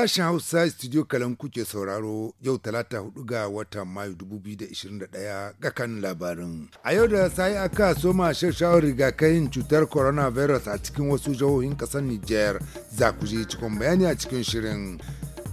Sashen Hausa Studio Kalan kuke sauraro yau talata hudu ga watan Mayu 2021 ga kan labarin. A yau da sai aka soma shirshawar rigakafin cutar coronavirus a cikin wasu jihohin kasar Nijar za ku je cikin bayani a cikin shirin.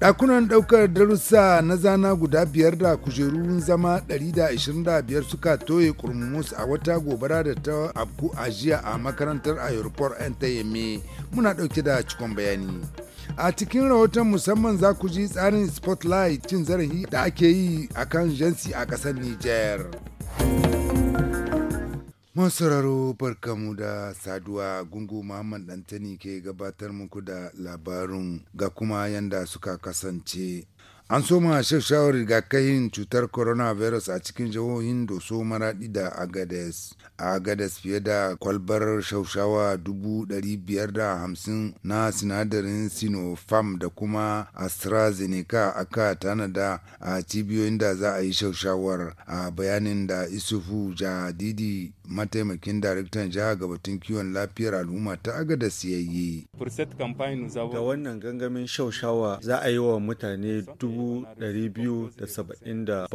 Ɗakunan ɗaukar darussa na zana guda biyar da kujerun zama 125 suka toye kurmus a wata gobara da ta abku a jiya a makarantar aeroport 'yan tayyame muna ɗauke da cikon bayani. a cikin rahoton musamman za ku ji tsarin spotlight cin zarafi da ake yi a kan jansi a ƙasar niger masararo barkamu da saduwa gungu muhammad dantani ke gabatar muku da labarin ga kuma yanda suka kasance an soma shawarar rigakafin cutar coronavirus a cikin jihohin doso maradi da agades a agades fiye da kwalbar shaushawa 550 na sinadarin sinopharm da kuma astrazeneca aka tanada a cibiyoyin da za a yi shaushawar a bayanin da isufu jadidi mataimakin daraktan jiha gabatun kiwon lafiyar al'umma ta agadas ya yi ga wannan gangamin shaushawa za a yi wa mutane dubu 277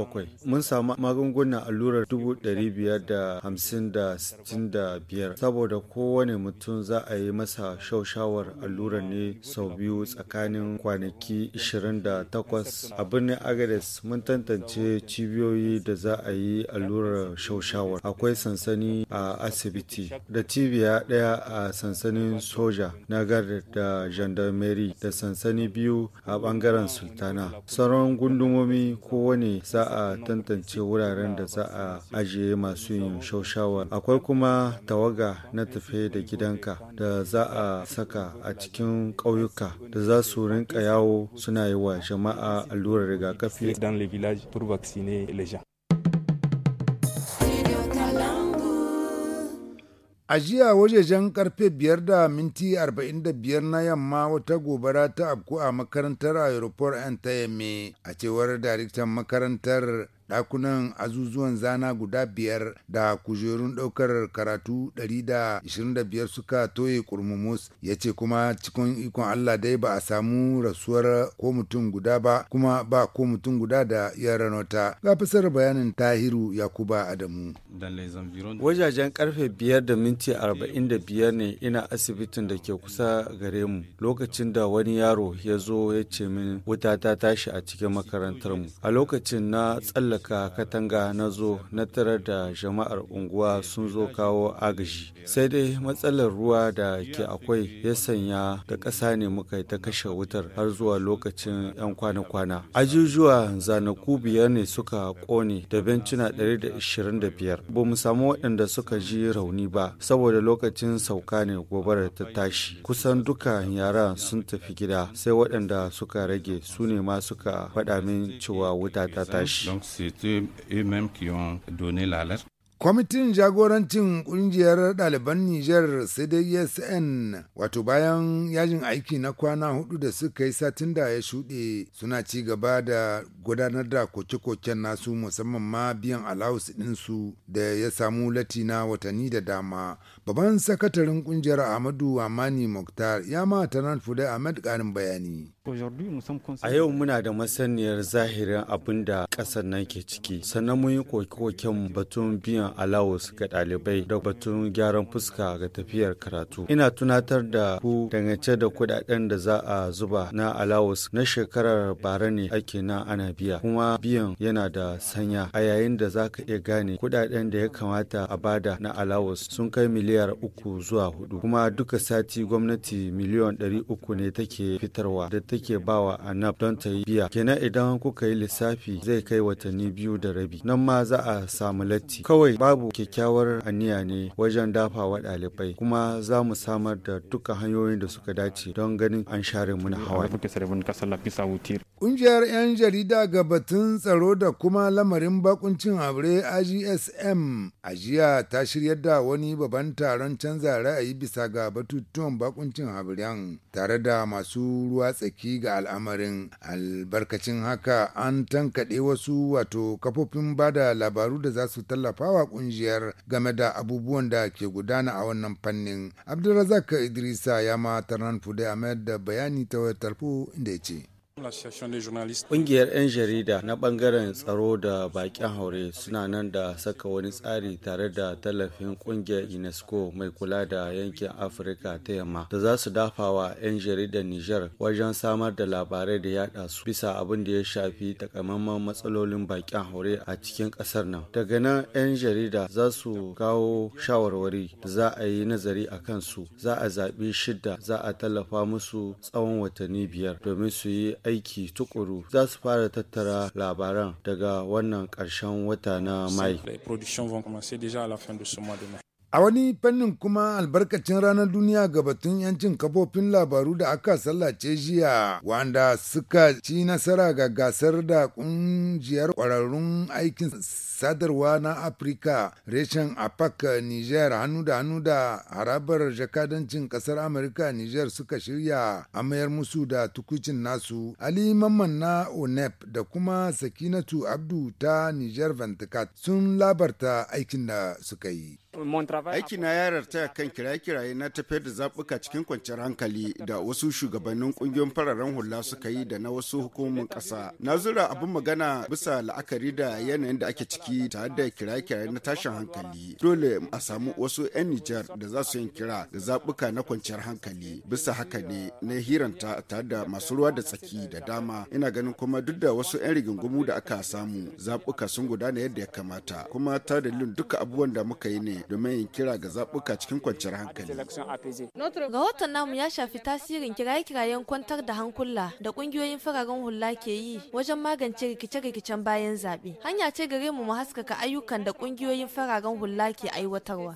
mun samu magungunan allurar 555 saboda kowane mutum za a yi masa shaushawar allurar ne sau biyu tsakanin kwanaki 28 a birnin agades mun tantance cibiyoyi da za a yi allurar shaushawar akwai sansani a asibiti da cibiya daya a sansanin soja na gar da gendarmerie da sansani biyu a bangaren sultana sauran gundumomi kowane za a tantance wuraren da za a ajiye masu yin shaushawar akwai kuma tawaga na tafe da gidanka da za a saka a cikin ƙauyuka da za su rinka yawo suna yi wa jama'a allurar rigakafi a jiya wajejen karfe 5 da minti 45 na yamma wata gobara ta afku a makarantar aeroport 'yan ta a cewar daraktan makarantar ɗakunan azuzuwan zana guda biyar da kujerun ɗaukar karatu 125 suka toye kurmumus ya ce kuma cikin ikon Allah dai ba a samu rasuwar ko mutum guda ba kuma ba ko mutum guda da ya ranota ga fasar bayanin tahiru yakuba adamu wajajen karfe biyar da minti arba'in ne ina asibitin da ke kusa gare mu lokacin da wani yaro ya zo ya ce min wuta ta tashi a cikin makarantar mu a lokacin na tsallaka tsallaka katanga na zo na tarar da jama'ar unguwa sun zo kawo agaji sai dai matsalar ruwa da ke akwai ya sanya da ƙasa ne muka ta kashe wutar har zuwa lokacin 'yan kwana-kwana ajujuwa zanaku biyar ne suka ƙone da bencina 125 ba mu samu waɗanda suka ji rauni ba saboda lokacin sauka ne gobarar ta tashi kusan duka yara sun tafi gida sai waɗanda suka rage su ne ma suka faɗa min cewa wuta ta tashi C'était eux-mêmes qui ont donné l'alerte. Kwamitin jagorancin ƙungiyar ɗaliban Nijar CDSN e wato bayan yajin aiki na kwana hudu da suka yi satin da ya shuɗe suna ci gaba da gudanar da koke-koken nasu musamman ma biyan alawus ɗinsu da ya samu latina watanni da dama. Babban sakataren ƙungiyar Ahmadu Amani Muktar ya ma tanar Fude Ahmed ƙarin bayani. A yau muna da masaniyar zahirin abin da ƙasar nan ke ciki, sannan mun yi koke-koken batun biyan a ga ɗalibai da batun gyaran fuska ga tafiyar karatu. Ina tunatar da ku dangance da kuɗaɗen da za a zuba na alawus na shekarar bara ne ake na ana biya kuma biyan yana da sanya a yayin da za ka iya gane kuɗaɗen da ya kamata a bada na alawus sun kai miliyar uku zuwa hudu kuma duka sati gwamnati miliyon ɗari uku ne take fitarwa da take bawa anab don ta yi biya kenan idan kuka yi lissafi zai kai watanni biyu da rabi nan ma za a samu latti kawai kawai babu kyakkyawar aniya ne wajen dafa wa ɗalibai kuma za mu samar da duka hanyoyin da suka dace don ganin an share muna hawa. Ƙungiyar 'yan jarida ga batun tsaro da kuma lamarin bakuncin aure IGSM a jiya ta shirya da wani babban taron canza ra'ayi bisa ga batutuwan bakuncin aburen tare da masu ruwa tsaki ga al'amarin albarkacin haka an tankaɗe wasu wato kafofin bada labaru da za su tallafawa wa kungiyar game da abubuwan da ke gudana a wannan fannin abdulrazak idrisa ya ma tarnan fude ahmed da bayani ta wayar tarfu inda ya ce Ƙungiyar 'yan jarida na ɓangaren tsaro da baƙin haure suna nan da saka wani tsari tare da tallafin ƙungiyar UNESCO mai kula da yankin Afirka ta yamma da za su dafa wa 'yan jaridar Nijar wajen samar da labarai da yada su bisa abin da ya shafi takamaiman matsalolin baƙin haure a cikin ƙasar nan. Daga nan 'yan jarida za su kawo shawarwari da za a yi nazari a kansu, za a zaɓi shidda za a tallafa musu tsawon watanni biyar domin su yi aiki tukuru za su fara tattara labaran daga wannan ƙarshen wata na mai A wani fannin kuma albarkacin ranar duniya ga batun yancin kafofin labaru da aka sallace jiya wanda suka ci nasara ga gasar da kungiyar kwararrun aikin sadarwa na Afirka reshen APAC Niger hannu da hannu da harabar jakadancin kasar Amurka Niger suka shirya amayar musu da tukucin nasu Ali Mamman na ONEP da kuma Sakinatu Abdu ta Niger Vantikat sun labarta aikin da suka yi. Aiki na yarar ta kan kiraye-kiraye na tafiyar da zaɓuka cikin kwanciyar hankali da wasu shugabannin ƙungiyoyin fararen hula suka yi da na wasu hukumomin ƙasa. Na zura abin magana bisa la'akari da yanayin da ake ciki tare da kiraye-kiraye na tashin hankali. Dole a samu wasu 'yan Nijar da za su yin kira da zaɓuka na kwanciyar hankali. Bisa haka ne na hiranta tare da masu ruwa da tsaki da dama. Ina ganin kuma duk da wasu 'yan rigingumu da aka samu zaɓuka sun gudana yadda ya kamata. Kuma ta dalilin duka abubuwan da muka yi ne domin yin kira ga zaɓuka cikin kwanciyar hankali. Rahoton namu ya shafi tasirin kiraye-kirayen kwantar da hankula da ƙungiyoyin fararen hula ke yi wajen magance rikice-rikicen bayan zaɓe. Hanya ce gare mu mu haskaka ayyukan da ƙungiyoyin fararen hula ke aiwatarwa.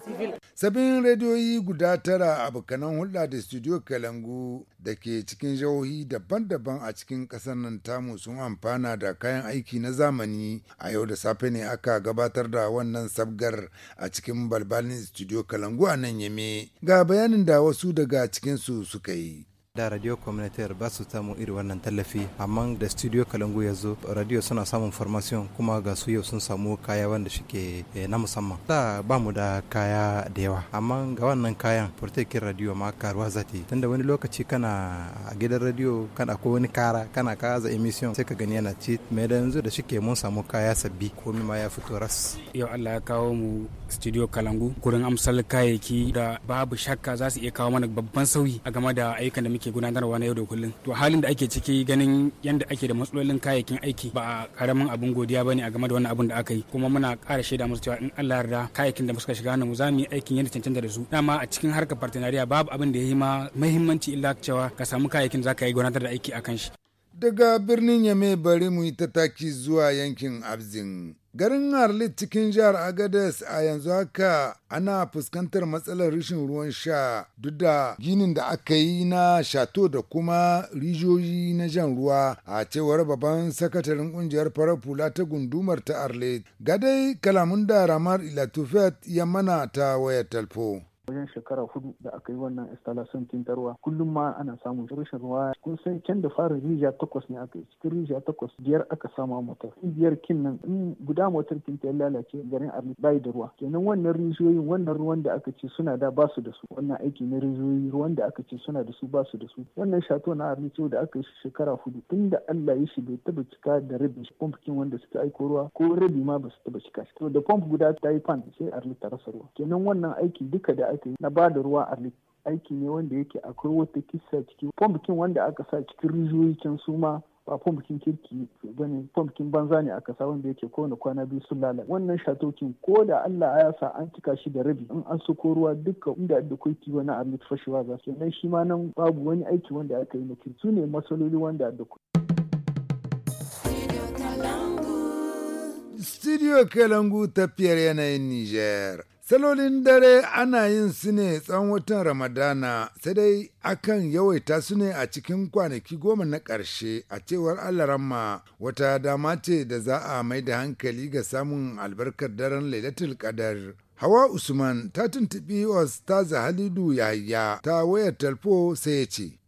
Sabbin rediyoyi guda tara abokanan hulɗa da studio Kalangu da ke cikin jihohi daban-daban a cikin ƙasar nan tamu sun amfana da kayan aiki na zamani a yau da safe ne aka gabatar da wannan sabgar a cikin balbalin studio kalangu a nan yame ga bayanin da wasu daga cikinsu suka yi. da radio communautaire ba su samu iri wannan tallafi amma da studio kalangu ya zo radio suna samun formation kuma ga su yau sun samu kaya wanda shike eh, na musamman da ba mu da kaya da yawa amma ga wannan kayan furtakin radio ma karuwa zati tunda wani lokaci kana a gidan radio kana ko wani kara kana kaza emission sai ka gani yana ci mai da yanzu da shike mun samu kaya sabbi komai ma ya fito ras yau Allah ya kawo mu studio kalangu gurin amsal kayayyaki da babu shakka za su iya kawo mana babban sauyi a game da ayyukan da muke ake gudanarwa na yau da kullum to halin da ake ciki ganin yadda ake da matsalolin kayayyakin aiki ba karamin abin godiya bane a game da wannan abin da aka yi kuma muna ƙara shaida musu cewa in Allah yarda kayayyakin da suka shiga mu zamu mu yi aikin yadda cancanta da su dama a cikin harkar partenariya babu abin da ya yi ma muhimmanci illa cewa ka samu kayayyakin zaka yi gudanar da aiki akan shi Daga birnin Yame bari mu yi ta taki zuwa yankin Abzin. Garin Harlit cikin jihar Agades a yanzu haka ana fuskantar matsalar rashin ruwan sha duk da ginin da aka yi na shato da kuma rijiyoyi na jan ruwa a cewar babban sakatarin kungiyar farar fula ta gundumar ta Arlet. Gadai kalamun da Ramar Ilatufet ya mana ta waya talfo. wajen shekara hudu da aka yi wannan installation tintarwa kullum ma ana samun rashin ruwa kun san can da fara rija takwas ne aka yi cikin rija takwas biyar aka sama motar biyar kin nan in guda motar kin ta lalace garin arli bai da ruwa kenan wannan rijiyoyin wannan ruwan da aka ce suna da su da su wannan aiki na rijiyoyi ruwan da aka ce suna da su su da su wannan shato na arli da aka yi shekara hudu da Allah ya shi bai taba cika da rabi Pompkin wanda suka aiko ruwa ko rabi ma ba su taba cika shi to da pomp guda ta yi fan sai arli ta rasa ruwa kenan wannan aiki duka da ake na ba da ruwa a aiki ne wanda yake akwai wata kisa ciki fomkin wanda aka sa cikin rijiyoyi can su ma ba fombikin kirki ba ne fomkin banza ne aka sa wanda yake kowane kwana biyu sun lalata wannan shatokin ko da allah ya sa an cika shi da rabi in an soko ruwa duka inda da kiwo na arnit fashewa za su nan shi ma nan babu wani aiki wanda aka yi na kirki su ne matsaloli wanda da Studio Kalangu tafiyar yanayin Niger. Salolin dare ana yin su ne tsawon watan Ramadana, sai dai akan yawaita su ne a cikin kwanaki goma na ƙarshe a cewar ramma, wata dama ce da za a mai da hankali ga samun albarkar daren Lailatul Qadar. Hawa Usman ta tuntuɓi Ostaza Halidu Yahya ta wayar talfo sai ya ce.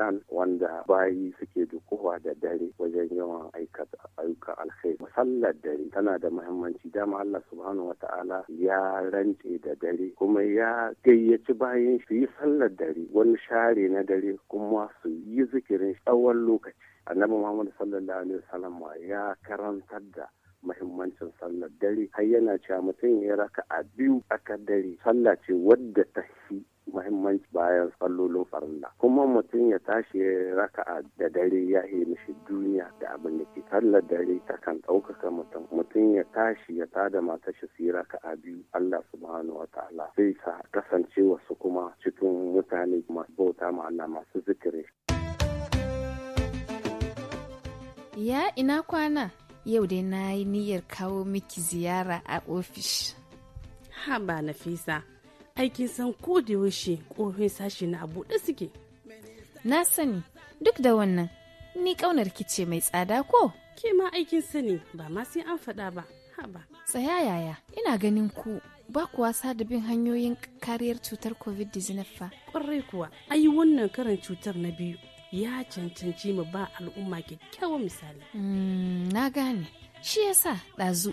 ramadan wanda bayi suke dukuwa da dare wajen yawan aikata ayyukan alkhairi Sallar dare tana da muhimmanci dama allah subhanahu wa ta'ala ya rance da dare kuma ya gayyaci bayan su yi sallar dare wani share na dare kuma su yi zikirin tsawon lokaci annabi Muhammadu sallallahu alaihi wasallam ya karantar da mahimmancin sallar dare har yana cewa mutum ya raka a biyu aka dare sallah ce wadda ta fi muhimmanci bayan tsallolin farilla kuma mutum ya tashi raka'a da dare ya yi mishi duniya da abin da ke sallar dare ta kan ɗaukaka mutum mutum ya tashi ya tada matar shi su yi raka'a biyu Allah subhanahu wa ta'ala sai ka kasance wasu kuma cikin mutane masu bauta ma masu zikiri. Ya ina kwana? Yau dai na yi niyyar kawo miki ziyara a ofish. Haba Nafisa, aikin san ko da yaushe kofin sashi na buɗe suke. Na sani duk da wannan ni ƙaunar ki mai tsada ko? Ke ma aikin sani ba ma sai an faɗa ba. Haba. Tsaya yaya ina ganin ku ba kuwa wasa da bin hanyoyin kariyar cutar covid-19 fa. kwarai kuwa ayi wannan karin cutar na biyu ya cancanci mu ba al'umma kyakkyawan misali. Hmm, na gane shi yasa ɗazu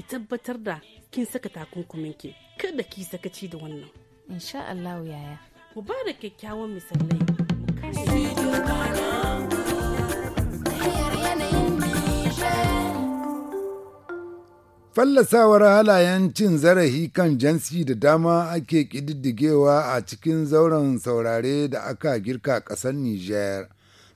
ki tabbatar da kin saka takunkumin ki kada ki sakaci da wannan insha Allah yaya mu ba da kyakkyawan misalai Fallasawar halayen cin zarafi kan jinsi da dama ake ƙididdigewa a cikin zauren saurare da aka girka ƙasar Nijar.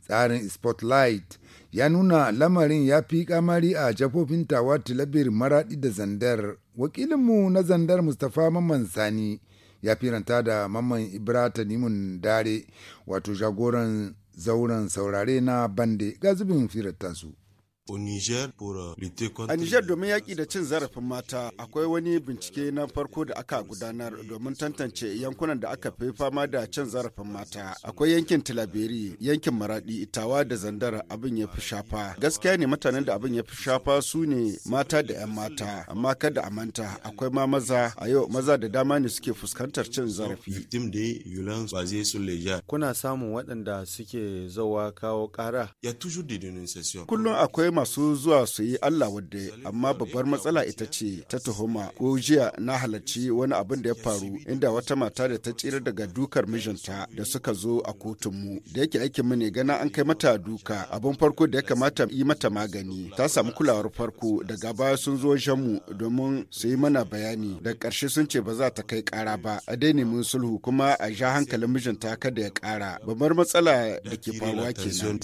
tsarin spotlight ya nuna lamarin ya fi kamari a jafofin tawa tilabir maraɗi da zandar wakilinmu na zandar mustapha mamman sani ya firanta da mamman ibrata nimun dare wato jagoran zauren saurare na bande ga zubin firattansu Euh, a Nijar domin yaƙi da cin zarafin mata akwai wani bincike na farko da aka gudanar domin tantance yankunan da aka fi fama da cin zarafin mata. Akwai yankin Tilaberi, yankin maraɗi, Itawa da Zandara abin ya fi shafa. Gaskiya ne mutanen da abin ya fi shafa su ne mata da 'yan mata, amma kada a manta akwai ma maza a yau maza da dama ne suke fuskantar cin zarafi. Kuna samun waɗanda suke zawa kawo ƙara? Kullum akwai masu zuwa su yi Allah wadda amma babbar matsala ita ce ta tuhuma ko jiya na halarci wani abin da ya faru inda wata mata da ta tsira daga dukar mijinta da suka zo a kotunmu da yake aikin mu ne gana an kai mata duka abin farko da ya kamata yi mata magani ta samu kulawar farko daga baya sun zo mu domin su yi mana bayani da karshe sun ce ba za ta kai kara ba a dai nemi sulhu kuma a ja hankalin mijinta kada ya kara babbar matsala da ke faruwa kenan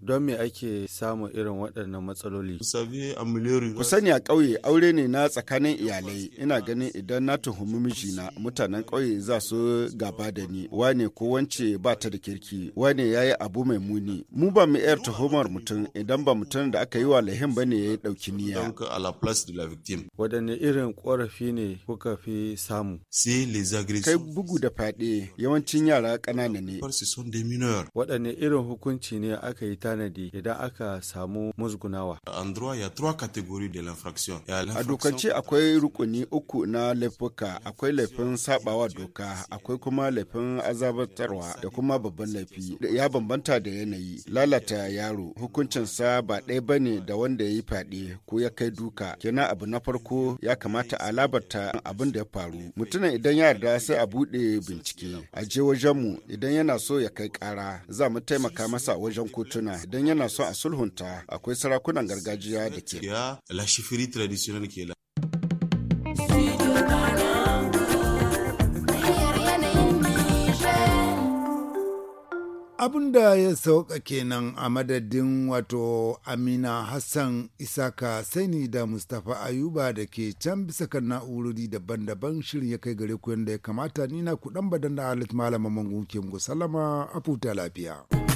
don me ake ake samun irin waɗannan matsaloli? Ku sani a ƙauye aure ne na tsakanin iyalai. Ina ganin idan na tuhumi mijina mutanen ƙauye za su gaba da ni. Wane ko wance ba ta da kirki, wane ya yi abu mai muni. Mu ba mu yar tuhumar mutum idan ba mutum da aka yi wa lahin ba ne ya yi ɗauki niyya. Waɗanne irin ƙorafi ne kuka fi samu? Kai bugu da fyaɗe yawancin yara ƙanana ne. Waɗanne irin hukunci ne aka yi tanadi idan idan aka samu musgunawa. A dokance akwai rukuni uku na laifuka, akwai laifin sabawa doka, akwai kuma laifin azabatarwa da kuma babban laifi. Ya bambanta da yanayi, lalata yaro, sa ba ɗaya ba ne da wanda ya yi fyaɗe ko ya kai duka. Kenan abu na farko ya kamata a labarta abin da ya faru. Mutumin idan ya yarda sai a buɗe bincike, a je wajen mu. idan yana so ya kai ƙara, za mu taimaka masa wajen kotuna idan yana so a sulhunta akwai sarakunan gargajiya da ke. abin da ya sauka kenan a madadin wato amina hassan isaka saini da mustapha ayuba da ke can bisa kan na'urori daban-daban shirin ya kai gare ku yadda ya kamata ni na kudan badan da halit malama mangun ke muku salama a futa lafiya.